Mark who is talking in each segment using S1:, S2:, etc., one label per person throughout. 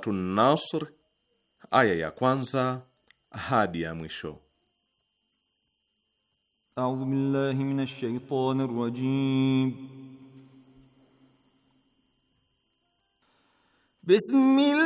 S1: Suratu Nasr aya ya kwanza hadi ya mwisho.
S2: A'udhu billahi minash shaitanir rajim. Bismillah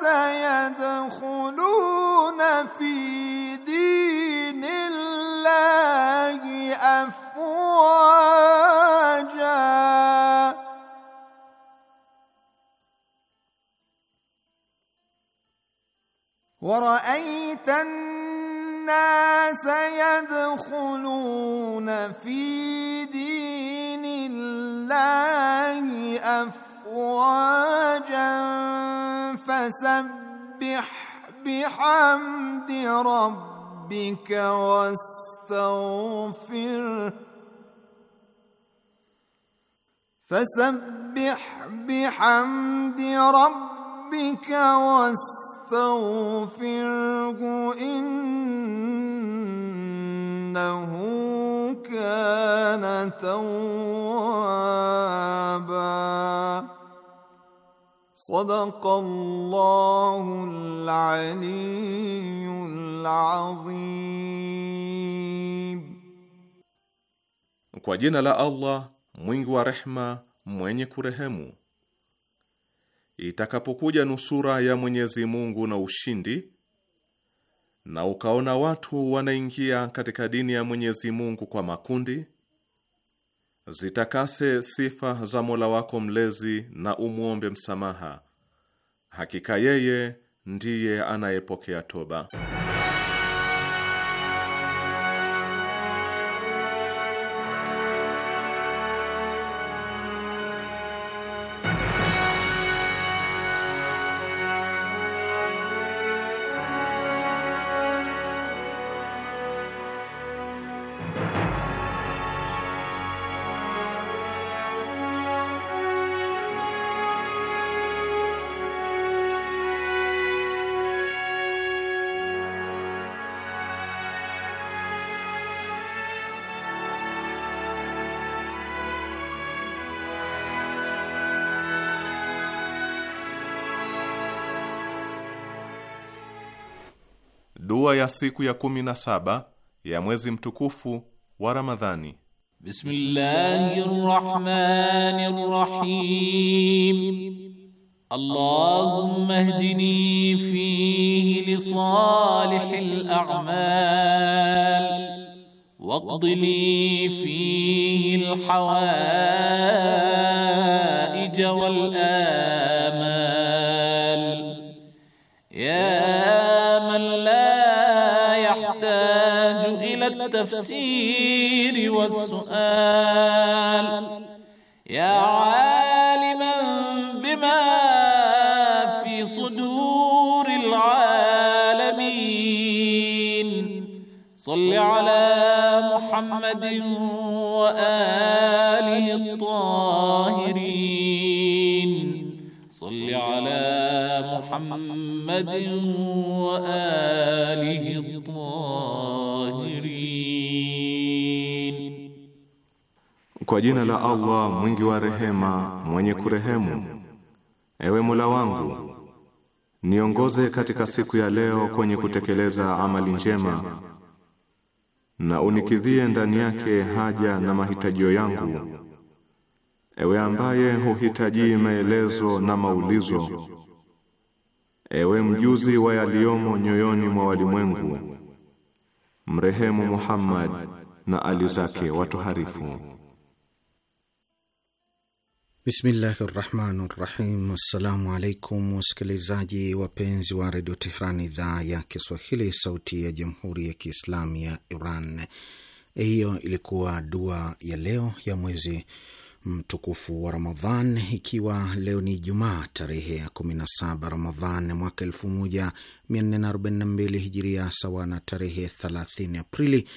S2: سيدخلون في فسبح بحمد ربك واستغفر فسبح بحمد ربك واستغفره إنه كان توابا صدق الله العلي العظيم
S1: Kwa jina la Allah mwingi wa rehma mwenye kurehemu. Itakapokuja nusura ya Mwenyezi Mungu na ushindi, na ukaona watu wanaingia katika dini ya Mwenyezi Mungu kwa makundi Zitakase sifa za Mola wako mlezi na umwombe msamaha. Hakika yeye ndiye anayepokea toba. Dua ya siku ya kumi na saba ya mwezi mtukufu wa Ramadhani.
S2: Bismillahirrahmanirrahim. Allahumma ihdini fihi li salihil a'mal waqdi li fihi al hawaij wal التفسير والسؤال يا عالما بما في صدور العالمين صل على محمد وآله الطاهرين صل على محمد
S1: Kwa jina la Allah mwingi wa rehema, mwenye kurehemu. Ewe Mola wangu, niongoze katika siku ya leo kwenye kutekeleza amali njema na unikidhie ndani yake haja na mahitajio yangu. Ewe ambaye huhitaji maelezo na maulizo, ewe mjuzi wa yaliyomo nyoyoni mwa walimwengu, mrehemu Muhammad na ali zake watoharifu.
S3: Bismillahi rahmani rahim. Assalamu alaikum wasikilizaji wapenzi wa redio Tehran, idhaa ya Kiswahili, sauti ya jamhuri ya kiislamu ya Iran. Hiyo ilikuwa dua ya leo ya mwezi mtukufu wa Ramadhan, ikiwa leo ni Jumaa tarehe ya 17 Ramadhan mwaka 1442 Hijiria, sawa na tarehe 30 Aprili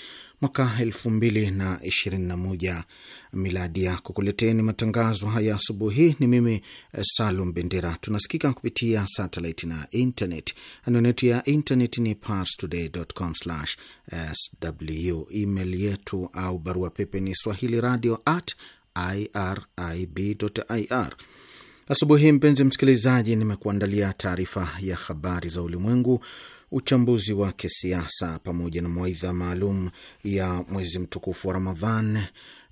S3: mwaka 2021 ya Kukuleteni matangazo haya asubuhi ni mimi eh, Salum Bendera. Tunasikika kupitia satelit na internet. Anwani yetu ya internet ni parstoday.com/sw. Email yetu au barua pepe ni swahili radio at irib.ir. Asubuhi mpenzi msikilizaji, nimekuandalia taarifa ya habari za ulimwengu, uchambuzi wa kisiasa, pamoja na mawaidha maalum ya mwezi mtukufu wa Ramadhan,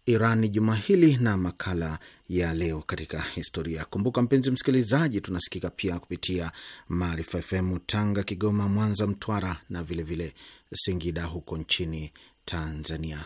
S3: iran juma hili na makala ya leo katika historia. Kumbuka mpenzi msikilizaji, tunasikika pia kupitia Maarifa FM Tanga, Kigoma, Mwanza, Mtwara na vilevile vile Singida huko nchini Tanzania.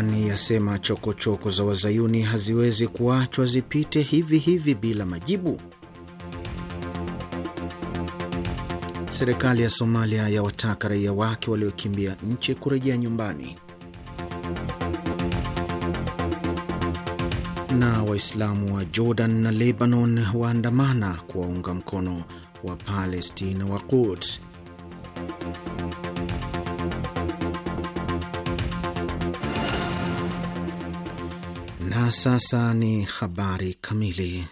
S3: Iran yasema chokochoko za wazayuni haziwezi kuachwa zipite hivi hivi bila majibu. Serikali ya Somalia yawataka raia wake waliokimbia nchi kurejea nyumbani. Na Waislamu wa Jordan na Lebanon waandamana kuwaunga mkono wa Palestina wa Quds. sasa ni habari kamili.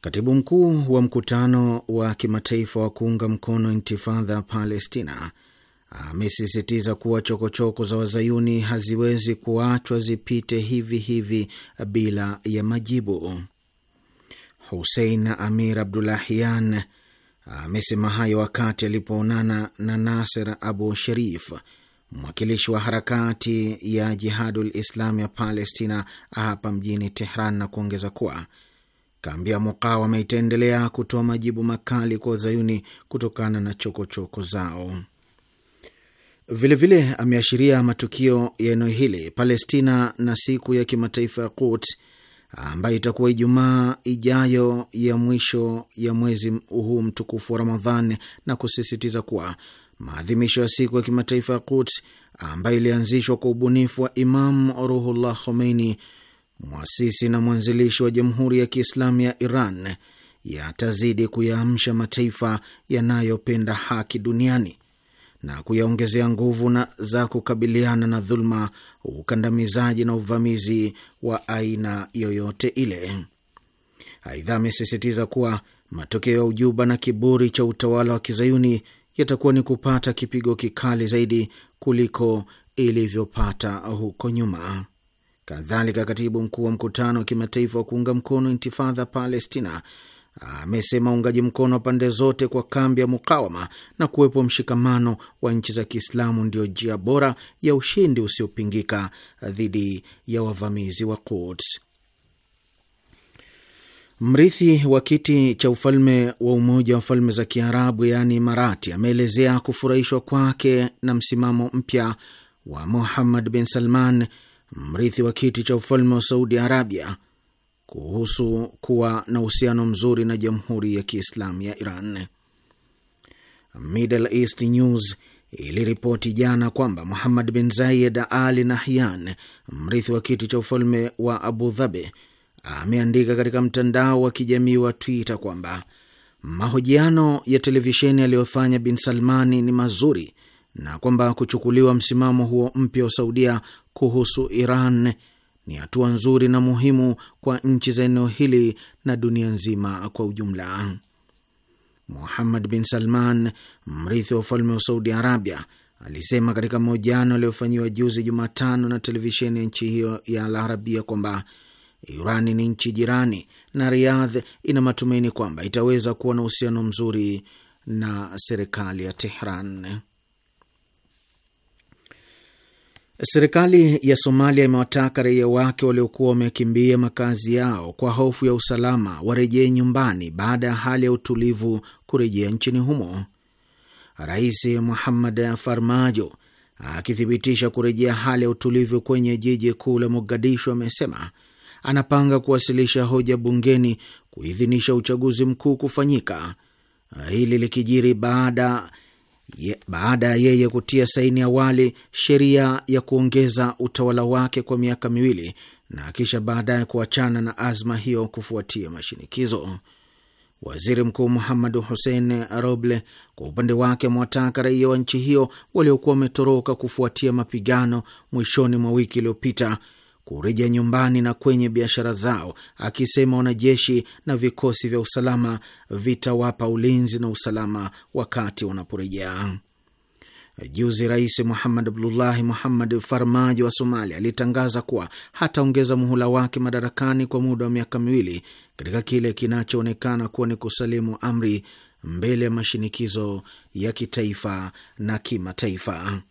S3: Katibu mkuu wa mkutano wa kimataifa wa kuunga mkono intifadha ya Palestina amesisitiza kuwa chokochoko choko za wazayuni haziwezi kuachwa zipite hivi hivi bila ya majibu. Husein Amir Abdulahian amesema hayo wakati alipoonana na naser Abu Sharif, mwakilishi wa harakati ya Jihadul Islam ya Palestina hapa mjini Tehran na kuongeza kuwa kambi ya mukawama itaendelea kutoa majibu makali kwa zayuni kutokana na chokochoko choko zao. Vilevile ameashiria matukio ya eneo hili Palestina na siku ya kimataifa ya kut ambayo itakuwa Ijumaa ijayo ya mwisho ya mwezi huu mtukufu wa Ramadhan na kusisitiza kuwa maadhimisho ya siku ya kimataifa ya Quds ambayo ilianzishwa kwa ubunifu wa Imam Ruhullah Khomeini, mwasisi na mwanzilishi wa Jamhuri ya Kiislamu ya Iran, yatazidi kuyaamsha mataifa yanayopenda haki duniani na kuyaongezea nguvu na za kukabiliana na dhuluma, ukandamizaji na uvamizi wa aina yoyote ile. Aidha, amesisitiza kuwa matokeo ya ujuba na kiburi cha utawala wa kizayuni yatakuwa ni kupata kipigo kikali zaidi kuliko ilivyopata huko nyuma. Kadhalika, katibu mkuu wa mkutano wa kimataifa wa kuunga mkono intifadha Palestina amesema uungaji mkono wa pande zote kwa kambi ya mukawama na kuwepo mshikamano wa nchi za Kiislamu ndiyo njia bora ya ushindi usiopingika dhidi ya wavamizi wa Quds. Mrithi wa kiti cha ufalme wa Umoja wa Falme za Kiarabu, yaani Imarati, ameelezea kufurahishwa kwake na msimamo mpya wa Muhammad bin Salman, mrithi wa kiti cha ufalme wa Saudi Arabia, kuhusu kuwa na uhusiano mzuri na Jamhuri ya Kiislamu ya Iran. Middle East News iliripoti jana kwamba Muhammad bin Zayed ali Nahyan, mrithi wa kiti cha ufalme wa Abu Dhabi, ameandika katika mtandao wa kijamii wa Twitter kwamba mahojiano ya televisheni aliyofanya Bin Salmani ni mazuri na kwamba kuchukuliwa msimamo huo mpya wa Saudia kuhusu Iran ni hatua nzuri na muhimu kwa nchi za eneo hili na dunia nzima kwa ujumla. Muhammad bin Salman, mrithi wa ufalme wa Saudi Arabia, alisema katika mahojiano aliyofanyiwa juzi Jumatano na televisheni ya nchi hiyo ya Al Arabia kwamba Iran ni nchi jirani na Riyadh ina matumaini kwamba itaweza kuwa na uhusiano mzuri na serikali ya Tehran. Serikali ya Somalia imewataka raia wake waliokuwa wamekimbia makazi yao kwa hofu ya usalama warejee nyumbani baada ya hali ya utulivu kurejea nchini humo. Rais Muhammad Farmajo akithibitisha kurejea hali ya utulivu kwenye jiji kuu la Mogadishu amesema anapanga kuwasilisha hoja bungeni kuidhinisha uchaguzi mkuu kufanyika, hili likijiri baada Ye, baada ya yeye kutia saini awali sheria ya kuongeza utawala wake kwa miaka miwili na kisha baadaye kuachana na azma hiyo kufuatia mashinikizo. Waziri Mkuu muhamad Hussein Roble kwa upande wake amewataka raia wa nchi hiyo waliokuwa wametoroka kufuatia mapigano mwishoni mwa wiki iliyopita kurejea nyumbani na kwenye biashara zao, akisema wanajeshi na vikosi vya usalama vitawapa ulinzi na usalama wakati wanaporejea. Juzi Rais muhamad Abdullahi Muhammad Farmaji wa Somalia alitangaza kuwa hataongeza muhula wake madarakani kwa muda wa miaka miwili katika kile kinachoonekana kuwa ni kusalimu amri mbele ya mashinikizo ya kitaifa na kimataifa.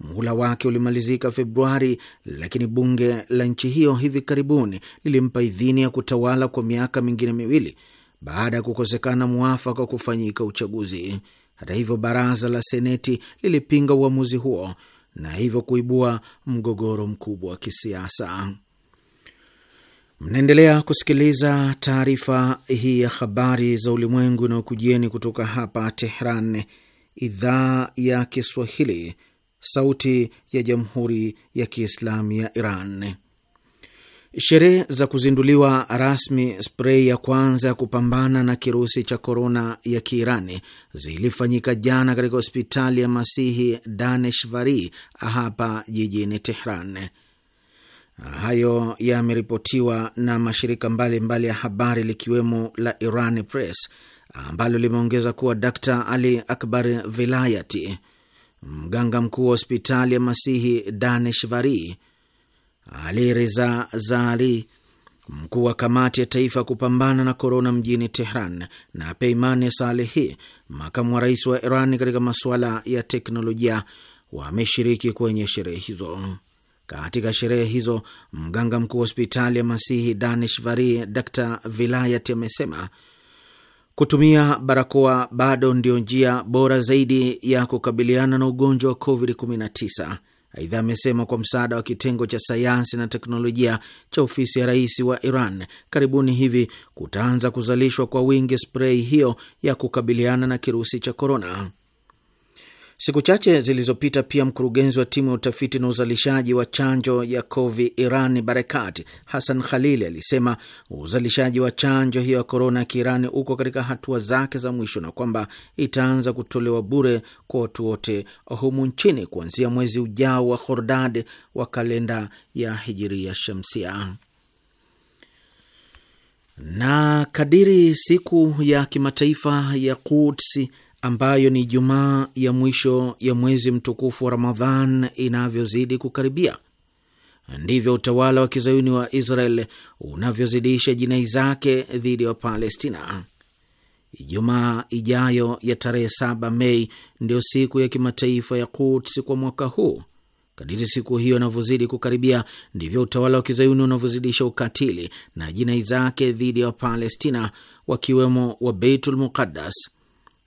S3: Muhula wake ulimalizika Februari, lakini bunge la nchi hiyo hivi karibuni lilimpa idhini ya kutawala kwa miaka mingine miwili baada ya kukosekana mwafaka wa kufanyika uchaguzi. Hata hivyo, baraza la seneti lilipinga uamuzi huo na hivyo kuibua mgogoro mkubwa wa kisiasa. Mnaendelea kusikiliza taarifa hii ya habari za ulimwengu inayokujieni kutoka hapa Tehran, idhaa ya Kiswahili, Sauti ya Jamhuri ya Kiislamu ya Iran. Sherehe za kuzinduliwa rasmi sprei ya kwanza ya kupambana na kirusi cha korona ya Kiirani zilifanyika jana katika hospitali ya Masihi Daneshvari hapa jijini Tehran. Hayo yameripotiwa na mashirika mbalimbali mbali ya habari likiwemo la Iran Press ambalo limeongeza kuwa Dr Ali Akbar Vilayati mganga mkuu wa hospitali ya Masihi Daneshvari, Ali Reza Zali, mkuu wa kamati ya taifa ya kupambana na korona mjini Tehran, na Peimani Salehi, makamu wa rais wa Iran katika masuala ya teknolojia, wameshiriki kwenye sherehe hizo. Katika sherehe hizo, mganga mkuu wa hospitali ya Masihi Daneshvari, Dr Vilayat, amesema Kutumia barakoa bado ndiyo njia bora zaidi ya kukabiliana na ugonjwa wa COVID-19. Aidha, amesema kwa msaada wa kitengo cha sayansi na teknolojia cha ofisi ya rais wa Iran, karibuni hivi kutaanza kuzalishwa kwa wingi sprei hiyo ya kukabiliana na kirusi cha korona. Siku chache zilizopita pia mkurugenzi wa timu ya utafiti na uzalishaji wa chanjo ya Covi Iran Barekati Hassan Khalili alisema uzalishaji wa chanjo hiyo ya korona ya Kiirani uko katika hatua zake za mwisho na kwamba itaanza kutolewa bure kwa watu wote humu nchini kuanzia mwezi ujao wa Khordad wa kalenda ya Hijiria Shamsia. Na kadiri siku ya kimataifa ya Quds ambayo ni Ijumaa ya mwisho ya mwezi mtukufu wa Ramadhan inavyozidi kukaribia, ndivyo utawala wa kizayuni wa Israel unavyozidisha jinai zake dhidi ya wa Wapalestina. Ijumaa ijayo ya tarehe 7 Mei ndiyo siku ya kimataifa ya Quds kwa mwaka huu. Kadiri siku hiyo inavyozidi kukaribia, ndivyo utawala wa kizayuni unavyozidisha ukatili na jinai zake dhidi ya wa Wapalestina, wakiwemo wa Beitul Muqaddas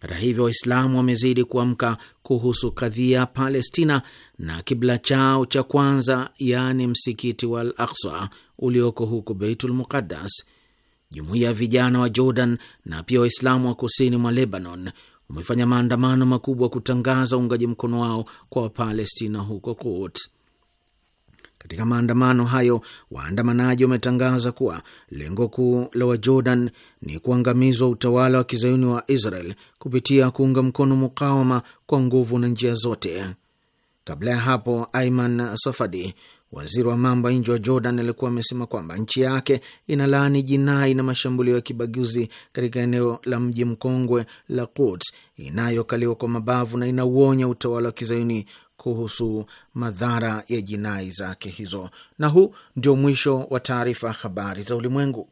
S3: hata hivyo, Waislamu wamezidi kuamka kuhusu kadhia Palestina na kibla chao cha kwanza, yaani msikiti wa Al Aksa ulioko huko Beitul Muqaddas. Jumuiya ya vijana wa Jordan na pia Waislamu wa kusini mwa Lebanon wamefanya maandamano makubwa kutangaza uungaji mkono wao kwa Wapalestina huko Quds. Katika maandamano hayo, waandamanaji wametangaza kuwa lengo kuu la Wajordan ni kuangamizwa utawala wa kizayuni wa Israel kupitia kuunga mkono mukawama kwa nguvu na njia zote. Kabla ya hapo, Aiman Safadi, waziri wa mambo ya nje wa Jordan, alikuwa amesema kwamba nchi yake inalaani jinai na mashambulio ya kibaguzi katika eneo la mji mkongwe la Quds inayokaliwa kwa mabavu na inauonya utawala wa kizayuni kuhusu madhara ya jinai zake hizo. Na huu ndio mwisho wa taarifa habari za ulimwengu.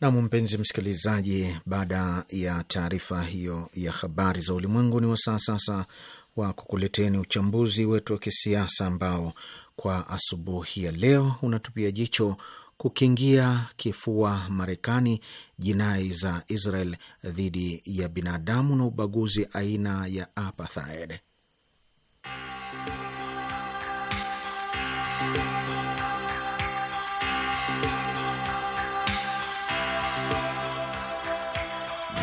S3: Nam, mpenzi msikilizaji, baada ya taarifa hiyo ya habari za ulimwengu, ni wasaa sasa wa kukuleteni uchambuzi wetu wa kisiasa ambao kwa asubuhi ya leo unatupia jicho kukingia kifua Marekani jinai za Israel dhidi ya binadamu na ubaguzi aina ya apartheid.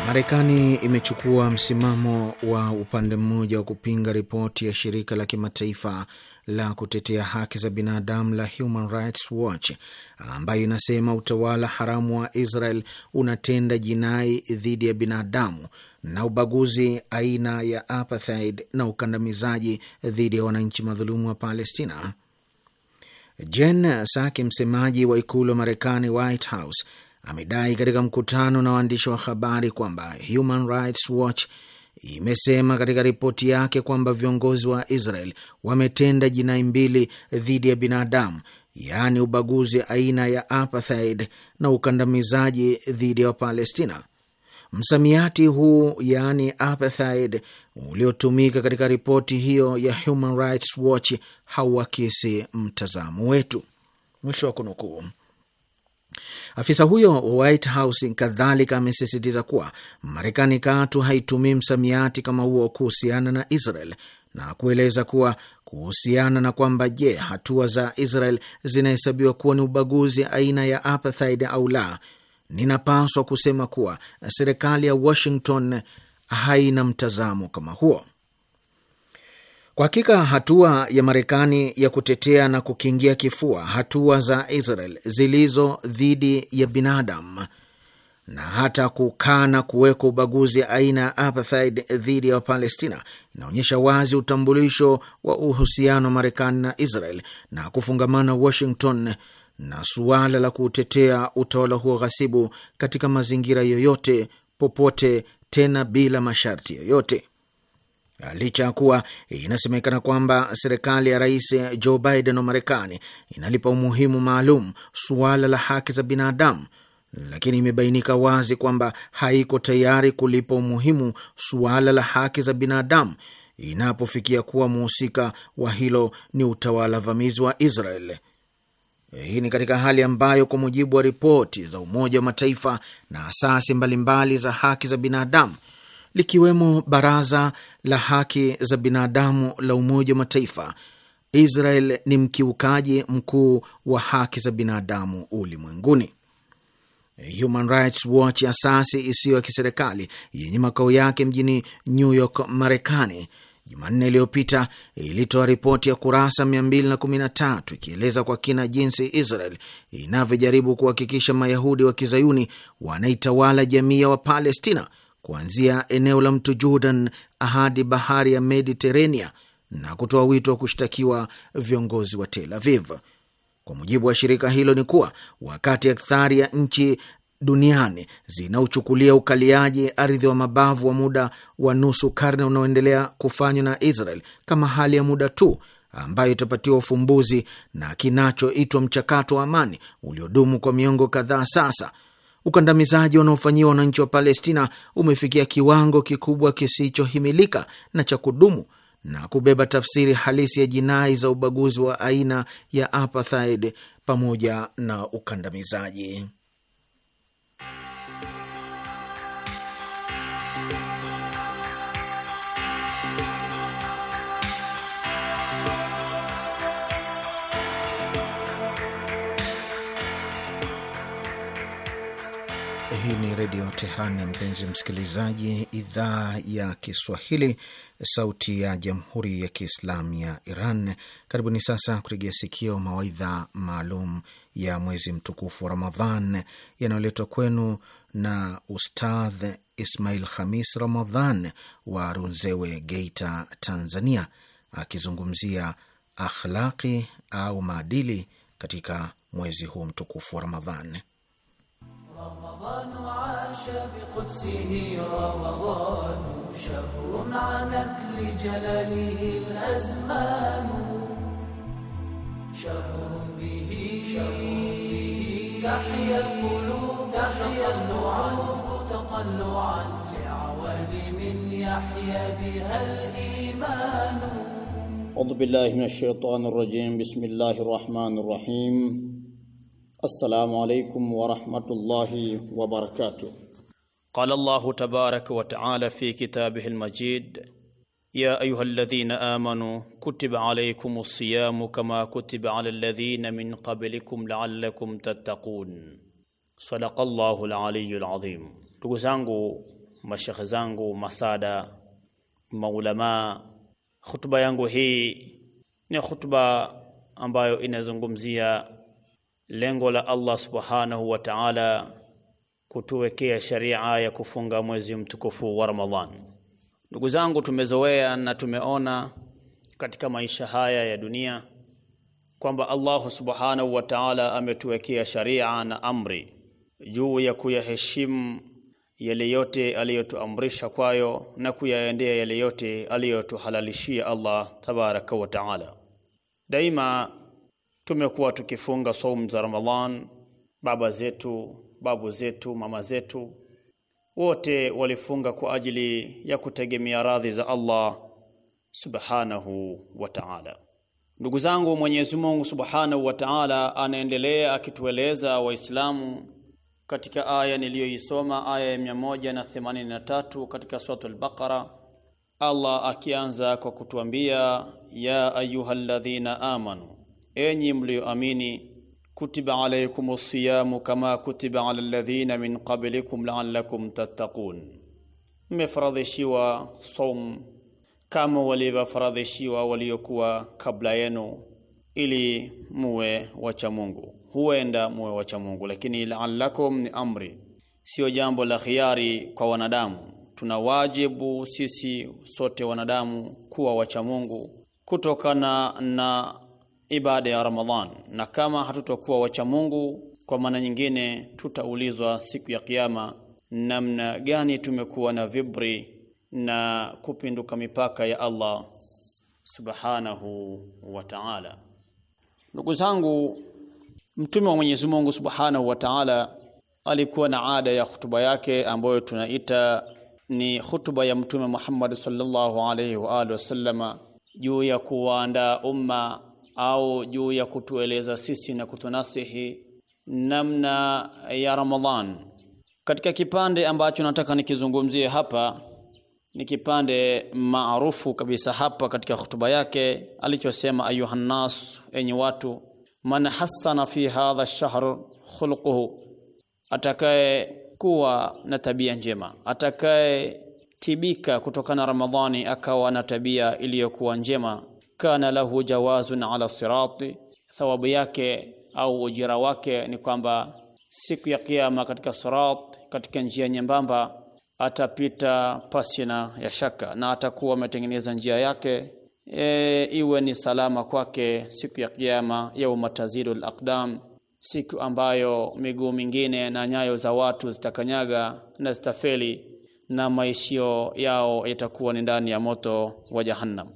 S3: Marekani imechukua msimamo wa upande mmoja wa kupinga ripoti ya shirika la kimataifa la kutetea haki za binadamu la Human Rights Watch ambayo inasema utawala haramu wa Israel unatenda jinai dhidi ya binadamu na ubaguzi aina ya apartheid na ukandamizaji dhidi ya wananchi madhulumu wa Palestina. Jen saki msemaji wa ikulu wa Marekani, White House, amedai katika mkutano na waandishi wa habari kwamba Human Rights Watch imesema katika ripoti yake kwamba viongozi wa Israel wametenda jinai mbili dhidi ya binadamu, yaani ubaguzi aina ya apartheid na ukandamizaji dhidi ya Wapalestina. Msamiati huu yaani apartheid uliotumika katika ripoti hiyo ya Human Rights Watch hauakisi mtazamo wetu. Mwisho wa kunukuu. Afisa huyo wa White House kadhalika amesisitiza kuwa Marekani katu haitumii msamiati kama huo kuhusiana na Israel na kueleza kuwa kuhusiana na kwamba je, hatua za Israel zinahesabiwa kuwa ni ubaguzi aina ya apartheid au la, ninapaswa kusema kuwa serikali ya Washington haina mtazamo kama huo. Kwa hakika hatua ya Marekani ya kutetea na kukingia kifua hatua za Israel zilizo dhidi ya binadamu na hata kukana kuwekwa ubaguzi aina ya apartheid dhidi ya Wapalestina inaonyesha wazi utambulisho wa uhusiano wa Marekani na Israel na kufungamana Washington na suala la kuutetea utawala huo ghasibu katika mazingira yoyote, popote, tena bila masharti yoyote licha ya kuwa inasemekana kwamba serikali ya Rais Joe Biden wa Marekani inalipa umuhimu maalum suala la haki za binadamu, lakini imebainika wazi kwamba haiko tayari kulipa umuhimu suala la haki za binadamu inapofikia kuwa mhusika wa hilo ni utawala vamizi wa Israel. Hii ni katika hali ambayo kwa mujibu wa ripoti za Umoja wa Mataifa na asasi mbalimbali za haki za binadamu likiwemo Baraza la Haki za Binadamu la Umoja wa Mataifa, Israel ni mkiukaji mkuu wa haki za binadamu ulimwenguni. Human Rights Watch, asasi isiyo ya kiserikali yenye makao yake mjini New York, Marekani, Jumanne iliyopita ilitoa ripoti ya kurasa 213 ikieleza kwa kina jinsi Israel inavyojaribu kuhakikisha Mayahudi wa kizayuni wanaitawala jamii ya Wapalestina kuanzia eneo la mto Jordan hadi bahari ya Mediterania na kutoa wito wa kushtakiwa viongozi wa Tel Aviv. Kwa mujibu wa shirika hilo ni kuwa wakati akthari ya nchi duniani zinaochukulia ukaliaji ardhi wa mabavu wa muda wa nusu karne unaoendelea kufanywa na Israel kama hali ya muda tu ambayo itapatiwa ufumbuzi na kinachoitwa mchakato wa amani uliodumu kwa miongo kadhaa sasa Ukandamizaji unaofanyiwa wananchi wa Palestina umefikia kiwango kikubwa kisichohimilika na cha kudumu na kubeba tafsiri halisi ya jinai za ubaguzi wa aina ya apartheid pamoja na ukandamizaji. Hii ni Redio Tehran, mpenzi msikilizaji, idhaa ya Kiswahili, sauti ya Jamhuri ya Kiislamu ya Iran. Karibuni sasa kutegea sikio mawaidha maalum ya mwezi mtukufu wa Ramadhan yanayoletwa kwenu na Ustadh Ismail Khamis Ramadhan wa Runzewe, Geita, Tanzania, akizungumzia akhlaqi au maadili katika mwezi huu mtukufu wa Ramadhan.
S4: رمضان عاش بقدسه رمضان شهر عنت لجلاله الأزمان شهر به, شهر تحيا القلوب تحيا النعوب تطلعا لعوالم يحيا بها الإيمان
S5: أعوذ بالله من الشيطان الرجيم بسم الله الرحمن الرحيم السلام عليكم ورحمة الله وبركاته قال الله تبارك وتعالى في كتابه المجيد يا أيها الذين آمنوا كتب عليكم الصيام كما كتب على الذين من قبلكم لعلكم تتقون صدق الله العلي العظيم تقول mashehe zangu masada maulamaa khutba yangu hii ni khutba ambayo inazungumzia Lengo la Allah subhanahu wa ta'ala kutuwekea sharia ya kufunga mwezi mtukufu wa Ramadhan. Ndugu zangu, tumezoea na tumeona katika maisha haya ya dunia kwamba Allah subhanahu wa ta'ala ametuwekea sharia na amri juu ya kuyaheshimu yale yote aliyotuamrisha kwayo na kuyaendea yale yote aliyotuhalalishia Allah tabaraka wa ta'ala. Daima tumekuwa tukifunga saumu za Ramadhan. Baba zetu, babu zetu, mama zetu wote walifunga kwa ajili ya kutegemea radhi za Allah subhanahu wa ta'ala. Ndugu zangu, Mwenyezi Mungu subhanahu wa ta'ala anaendelea akitueleza Waislamu katika aya niliyoisoma, aya ya 183 katika suratul Baqara, Allah akianza kwa kutuambia ya ayyuhalladhina amanu enyi mlioamini kutiba alaykum siyamu kama kutiba ala alladhina min qablikum la'allakum tattaqun mmefaradhishiwa saum kama walivyofaradhishiwa waliokuwa kabla yenu ili muwe wacha Mungu huenda muwe wacha Mungu lakini la'allakum ni amri sio jambo la khiari kwa wanadamu tuna wajibu sisi sote wanadamu kuwa wacha Mungu kutokana na ibada ya Ramadhan, na kama hatutokuwa wacha Mungu, kwa maana nyingine, tutaulizwa siku ya Kiyama namna gani tumekuwa na vibri na kupinduka mipaka ya Allah subhanahu wa ta'ala. Ndugu zangu, mtume wa Mwenyezi Mungu subhanahu wa ta'ala alikuwa na ada ya hutuba yake ambayo tunaita ni hutuba ya Mtume Muhammad sallallahu alayhi wa alihi wasallama juu ya kuwaandaa umma au juu ya kutueleza sisi na kutunasihi namna ya Ramadhan. Katika kipande ambacho nataka nikizungumzie hapa ni kipande maarufu kabisa hapa katika hotuba yake alichosema, ayuhannas nnas, enyi watu, man hassana fi hadha shahr khuluquhu, atakaye kuwa na tabia njema, atakaye tibika kutokana Ramadhani akawa na tabia iliyokuwa njema kana lahu jawazun ala sirati, thawabu yake au ujira wake ni kwamba siku ya kiyama katika sirat, katika njia nyembamba atapita pasina ya shaka, na atakuwa ametengeneza njia yake e, iwe ni salama kwake siku ya kiyama, yauma tazilul aqdam, siku ambayo miguu mingine na nyayo za watu zitakanyaga na zitafeli, na maishio yao yatakuwa ni ndani ya moto wa Jahannam.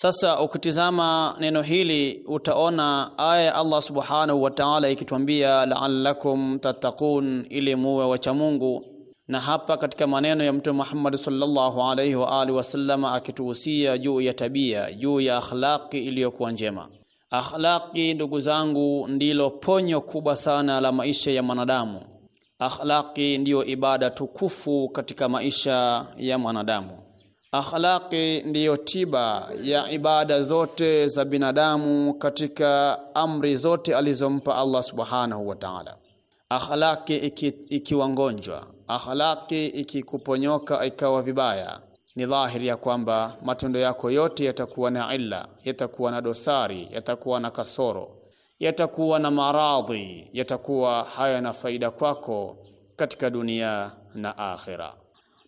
S5: Sasa ukitizama neno hili utaona aya ya Allah subhanahu wa ta'ala ikituambia la'allakum tattaqun, ili muwe wacha Mungu. Na hapa katika maneno ya Mtume Muhammad sallallahu alayhi wa alihi wasallam akituhusia juu ya tabia, juu ya akhlaqi iliyokuwa njema. Akhlaqi, ndugu zangu, ndilo ponyo kubwa sana la maisha ya mwanadamu. Akhlaqi ndiyo ibada tukufu katika maisha ya mwanadamu. Akhlaqi ndiyo tiba ya ibada zote za binadamu katika amri zote alizompa Allah subhanahu wa ta'ala. Akhlaqi ikiwa iki ngonjwa, akhlaqi ikikuponyoka ikawa vibaya, ni dhahiri ya kwamba matendo yako yote yatakuwa na illa, yatakuwa na dosari, yatakuwa na kasoro, yatakuwa na maradhi, yatakuwa hayana faida kwako katika dunia na akhira.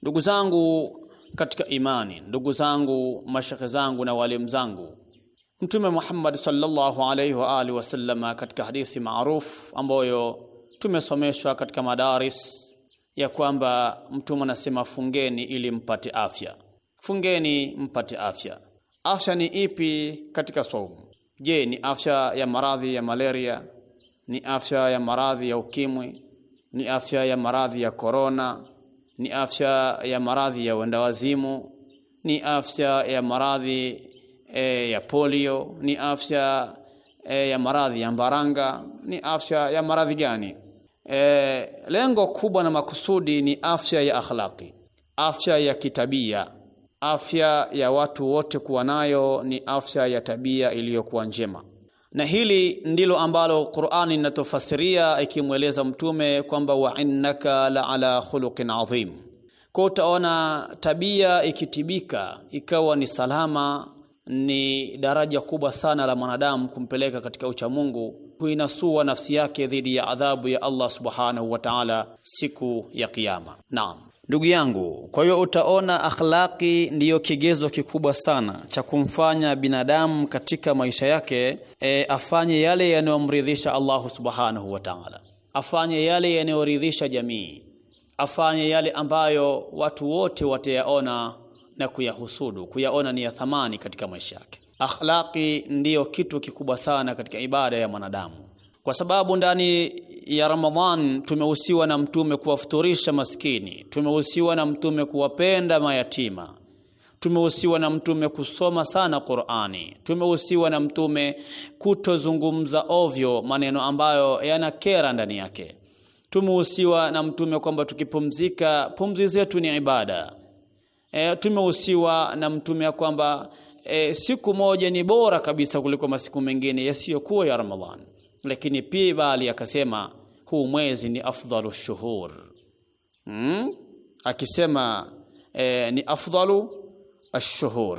S5: Ndugu zangu katika imani, ndugu zangu, mashekhe zangu na walimu zangu, Mtume Muhammad sallallahu alayhi wa alihi wasallama katika hadithi maarufu ambayo tumesomeshwa katika madaris ya kwamba Mtume anasema fungeni ili mpate afya, fungeni mpate afya. Afya ni ipi katika saumu? Je, ni afya ya maradhi ya malaria? Ni afya ya maradhi ya ukimwi? Ni afya ya maradhi ya korona? ni afya ya maradhi ya wendawazimu ni afya ya maradhi e, ya polio, ni afya e, ya maradhi ya mbaranga, ni afya ya maradhi gani? E, lengo kubwa na makusudi ni afya ya akhlaqi, afya ya kitabia. Afya ya watu wote kuwa nayo ni afya ya tabia iliyokuwa njema na hili ndilo ambalo Qur'ani inatofasiria ikimweleza mtume kwamba wa innaka la ala khuluqin adhim. Kwa utaona tabia ikitibika ikawa ni salama, ni daraja kubwa sana la mwanadamu kumpeleka katika ucha Mungu, huinasua nafsi yake dhidi ya adhabu ya Allah subhanahu wa ta'ala siku ya Kiyama. Naam. Ndugu yangu, kwa hiyo utaona akhlaki ndiyo kigezo kikubwa sana cha kumfanya binadamu katika maisha yake e, afanye yale yanayomridhisha Allahu subhanahu wa ta'ala, afanye yale yanayoridhisha jamii, afanye yale ambayo watu wote watayaona na kuyahusudu, kuyaona ni ya thamani katika maisha yake. Akhlaqi ndiyo kitu kikubwa sana katika ibada ya mwanadamu, kwa sababu ndani ya Ramadhan tumehusiwa na Mtume kuwafuturisha maskini, tumehusiwa na Mtume kuwapenda mayatima, tumehusiwa na Mtume kusoma sana Qur'ani, tumehusiwa na Mtume kutozungumza ovyo maneno ambayo yanakera ndani yake. Tumehusiwa na Mtume kwamba tukipumzika pumzi zetu ni ibada. E, tumehusiwa na Mtume ya kwamba e, siku moja ni bora kabisa kuliko masiku mengine yasiyokuwa ya Ramadhani lakini pia bali akasema huu mwezi ni afdhalu shuhur hmm? akisema e, ni afdalu ashuhur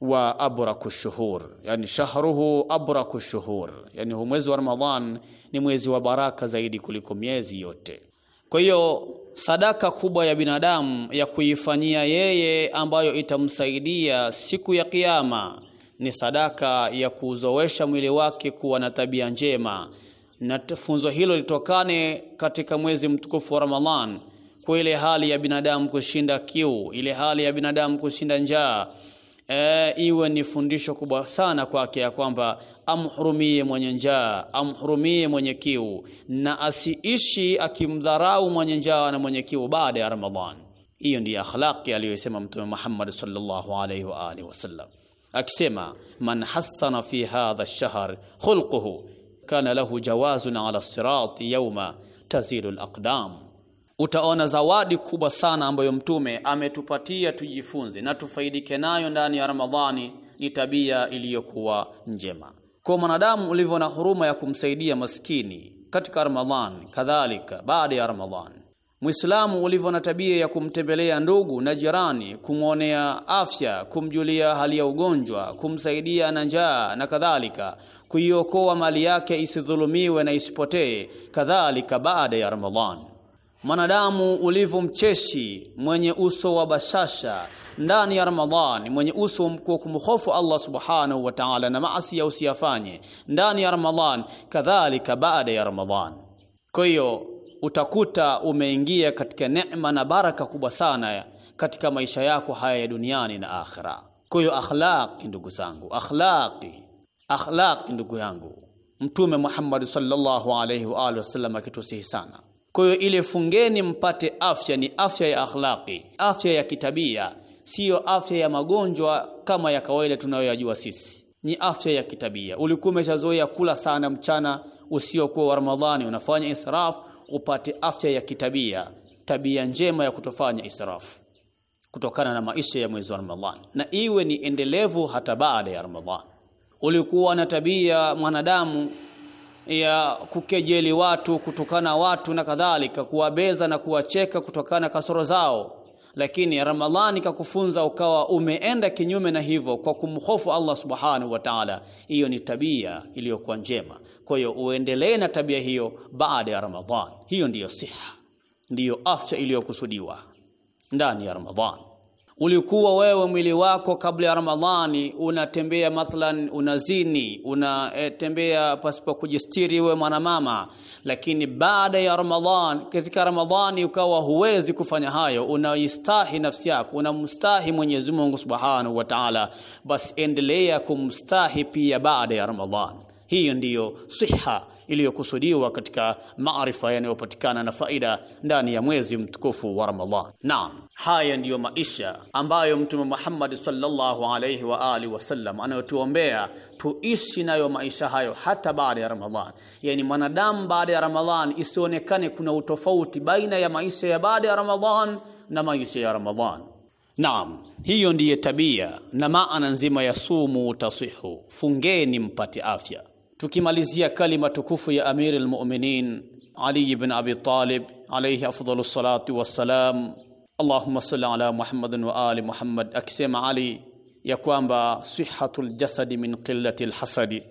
S5: wa abraku shuhur, yani shahruhu abraku shuhur, yani huu mwezi wa Ramadhan ni mwezi wa baraka zaidi kuliko miezi yote. Kwa hiyo sadaka kubwa ya binadamu ya kuifanyia yeye ambayo itamsaidia siku ya Kiyama ni sadaka ya kuzowesha mwili wake kuwa na tabia njema, na funzo hilo litokane katika mwezi mtukufu wa Ramadhan, kwa ile hali ya binadamu kushinda kiu, ile hali ya binadamu kushinda njaa E, iwe ni fundisho kubwa sana kwake ya kwamba amhurumie mwenye njaa, amhurumie mwenye kiu, na asiishi akimdharau mwenye njaa na mwenye kiu baada ya Ramadhan. Hiyo ndiyo akhlaqi aliyoisema Mtume Muhammad sallallahu alaihi wa alihi wasallam akisema man hassana fi hadha ash-shahr khulquhu kana lahu jawazun ala sirat yawma tazilu al-aqdam. Utaona zawadi kubwa sana ambayo Mtume ametupatia tujifunze na tufaidike nayo ndani ya Ramadhani ni tabia iliyokuwa njema. Kwa mwanadamu ulivyo na huruma ya kumsaidia maskini katika Ramadhani, kadhalika baada ya Ramadhani Muislamu ulivyo na tabia ya kumtembelea ndugu na jirani, kumwonea afya, kumjulia hali ya ugonjwa, kumsaidia na njaa na kadhalika, kuiokoa mali yake isidhulumiwe na isipotee, kadhalika baada ya Ramadhan. Mwanadamu ulivyo mcheshi, mwenye uso wa bashasha ndani ya Ramadhani, mwenye uso mkuu kumhofu Allah subhanahu wa ta'ala, na maasi usiyafanye ndani ya Ramadhan, kadhalika baada ya Ramadhan. Kwa hiyo utakuta umeingia katika neema na baraka kubwa sana katika maisha yako haya ya duniani na akhira. Kwa hiyo akhlaqi, ndugu zangu, akhlaqi, akhlaqi ndugu yangu, Mtume Muhammad sallallahu alayhi wa alihi wasallam akitusihi sana. Kwa hiyo ile fungeni mpate afya ni afya ya akhlaqi, afya ya kitabia, siyo afya ya magonjwa kama ya kawaida tunayoyajua sisi. Ni afya ya kitabia. Ulikuwa umeshazoea kula sana mchana usiokuwa wa Ramadhani, unafanya israfu upate afya ya kitabia tabia njema ya kutofanya israfu kutokana na maisha ya mwezi wa Ramadhan na iwe ni endelevu hata baada ya Ramadhan ulikuwa na tabia mwanadamu ya kukejeli watu kutukana watu na kadhalika kuwabeza na kuwacheka kutokana kasoro zao lakini Ramadhani kakufunza ukawa umeenda kinyume na hivyo kwa kumhofu Allah subhanahu wa ta'ala hiyo ni tabia iliyokuwa njema kwa hiyo uendelee na tabia hiyo baada ya Ramadhan. Hiyo ndiyo siha, ndiyo afya iliyokusudiwa ndani ya Ramadhan. Ulikuwa wewe mwili wako kabla ya Ramadhani unatembea mathalan, unazini, unatembea pasipo kujistiri, wewe mwanamama, lakini baada ya Ramadhani, katika Ramadhani ukawa huwezi kufanya hayo, unaistahi nafsi yako, unamstahi Mwenyezi Mungu Subhanahu wa Ta'ala, basi endelea kumstahi pia baada ya Ramadhani. Hiyo ndiyo siha iliyokusudiwa katika maarifa yanayopatikana na faida ndani ya mwezi mtukufu wa Ramadhan. Naam, haya ndiyo maisha ambayo Mtume Muhammad sallallahu alayhi wa alihi wasallam anayotuombea tuishi nayo maisha hayo hata baada ya Ramadhan. Yaani mwanadamu baada ya Ramadhan isionekane kuna utofauti baina ya maisha ya baada ya Ramadhan na maisha ya Ramadhan. Naam, hiyo ndiye tabia na maana nzima ya sumu tasihu, fungeni mpate afya. Tukimalizia kalima tukufu ya Amir al-Mu'minin Ali ibn Abi Talib alayhi afdalu salatu wassalam, Allahumma salli ala Muhammadin wa ali Muhammad, akisema Ali ya kwamba sihhatul jasadi min qillati alhasadi,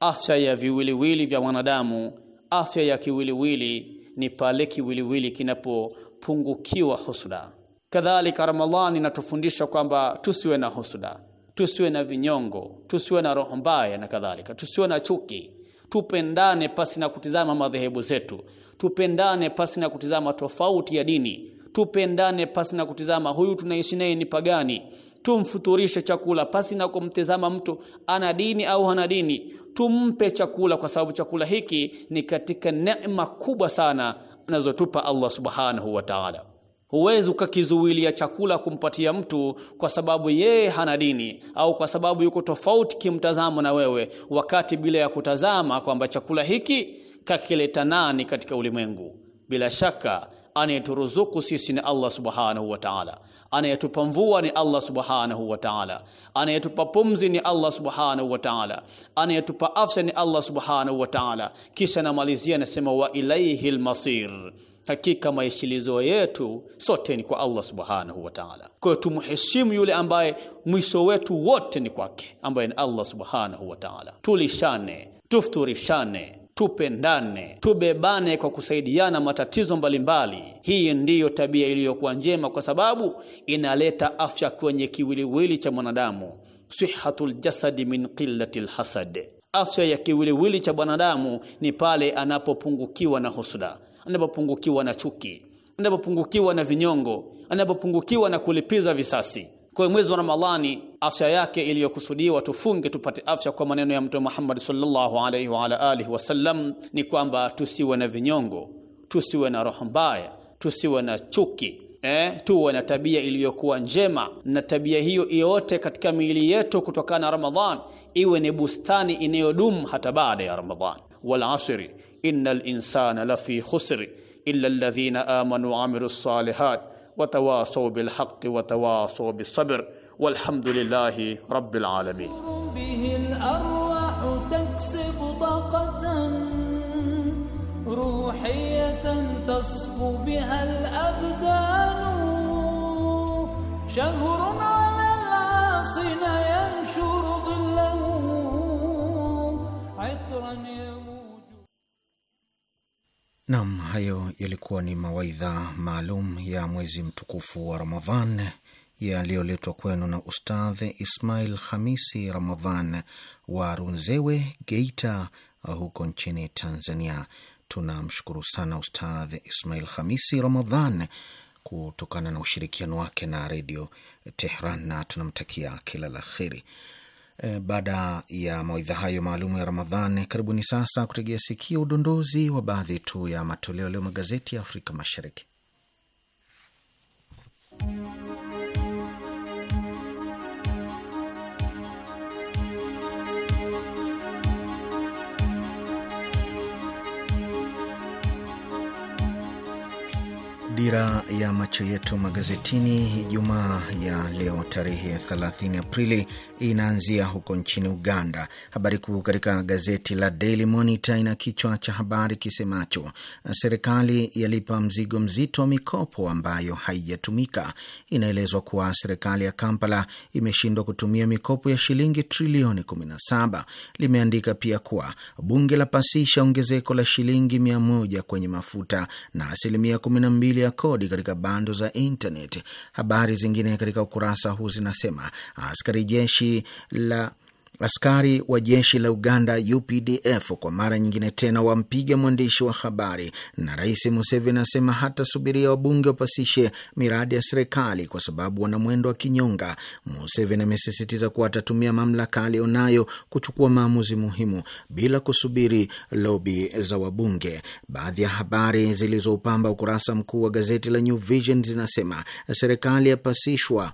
S5: afya ya viwiliwili vya mwanadamu, afya ya kiwiliwili ni pale kiwiliwili kinapopungukiwa husuda Kadhalika Ramadhani inatufundisha kwamba tusiwe na husuda tusiwe na vinyongo, tusiwe na roho mbaya na kadhalika, tusiwe na chuki, tupendane pasi na kutizama madhehebu zetu, tupendane pasi na kutizama tofauti ya dini, tupendane pasi na kutizama huyu tunaishi naye ni pagani, tumfuturishe chakula pasi na kumtizama mtu ana dini au hana dini, tumpe chakula kwa sababu chakula hiki ni katika neema kubwa sana anazotupa Allah subhanahu wa ta'ala. Huwezi ukakizuilia chakula kumpatia mtu kwa sababu yeye hana dini au kwa sababu yuko tofauti kimtazamo na wewe, wakati bila ya kutazama kwamba chakula hiki kakileta nani katika ulimwengu. Bila shaka anayeturuzuku sisi ni Allah subhanahu wa ta'ala, anayetupa mvua ni Allah subhanahu wa ta'ala, anayetupa pumzi ni Allah subhanahu wa ta'ala, anayetupa afya ni Allah subhanahu wa ta'ala. Kisha namalizia nasema wa ilaihi lmasir hakika maishilizo yetu sote ni kwa Allah subhanahu wa ta'ala. Kwa hiyo tumheshimu yule ambaye mwisho wetu wote ni kwake, ambaye ni Allah subhanahu wa ta'ala. Tulishane, tufturishane, tupendane, tubebane kwa kusaidiana matatizo mbalimbali mbali. Hii ndiyo tabia iliyokuwa njema, kwa sababu inaleta afya kwenye kiwiliwili cha mwanadamu. sihhatul jasadi min qillati lhasad, afya ya kiwiliwili cha mwanadamu ni pale anapopungukiwa na husuda anapopungukiwa na chuki, anapopungukiwa na vinyongo, anapopungukiwa na kulipiza visasi. Kwa mwezi wa Ramadhani afya yake iliyokusudiwa tufunge tupate afya, kwa maneno ya Mtume Muhammad sallallahu alaihi wa alihi wasallam ni kwamba tusiwe na vinyongo, tusiwe na roho mbaya, tusiwe na chuki eh, tuwe na tabia iliyokuwa njema, na tabia hiyo iote katika miili yetu kutokana na Ramadhan iwe ni bustani inayodumu hata baada ya Ramadhan. wal asri إن الإنسان لفي خسر إلا الذين آمنوا وعملوا الصالحات وتواصوا بالحق وتواصوا بالصبر والحمد لله رب العالمين
S2: به الأرواح تكسب طاقة روحية تصفو بها الأبدان شهر على العاصين ينشر ظله عطرا
S3: Nam, hayo yalikuwa ni mawaidha maalum ya mwezi mtukufu wa Ramadhan yaliyoletwa kwenu na Ustadh Ismail Hamisi Ramadhan wa Runzewe, Geita, huko nchini Tanzania. Tunamshukuru sana Ustadh Ismail Hamisi Ramadhan kutokana na ushirikiano wake na Redio Tehran na tunamtakia kila la kheri. Eh, baada ya mawaidha hayo maalumu ya Ramadhani, karibuni sasa kutegea sikia udondozi wa baadhi tu ya matoleo leo magazeti ya Afrika Mashariki. Dira ya macho yetu magazetini Ijumaa ya leo tarehe 30 Aprili inaanzia huko nchini Uganda. Habari kuu katika gazeti la Daily Monitor ina kichwa cha habari kisemacho serikali yalipa mzigo mzito wa mikopo ambayo haijatumika. Inaelezwa kuwa serikali ya Kampala imeshindwa kutumia mikopo ya shilingi trilioni 17. Limeandika pia kuwa bunge lapasisha ongezeko la shilingi 100 kwenye mafuta na asilimia 12 kulipia kodi katika bando za intaneti. Habari zingine katika ukurasa huu zinasema askari jeshi la Askari wa jeshi la Uganda UPDF kwa mara nyingine tena wampiga mwandishi wa habari, na Rais Museveni anasema hata subiria wabunge wapasishe miradi ya serikali kwa sababu wana mwendo wa kinyonga. Museveni amesisitiza kuwa atatumia mamlaka aliyonayo kuchukua maamuzi muhimu bila kusubiri lobi za wabunge. Baadhi ya habari zilizoupamba ukurasa mkuu wa gazeti la New Vision zinasema serikali yapasishwa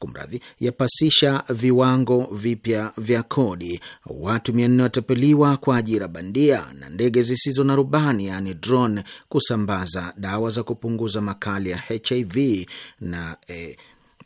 S3: kumradhi, yapasisha viwango vipya vya kodi. Watu mia nne watapeliwa kwa ajira bandia, na ndege zisizo na rubani yaani drone kusambaza dawa za kupunguza makali ya HIV na eh,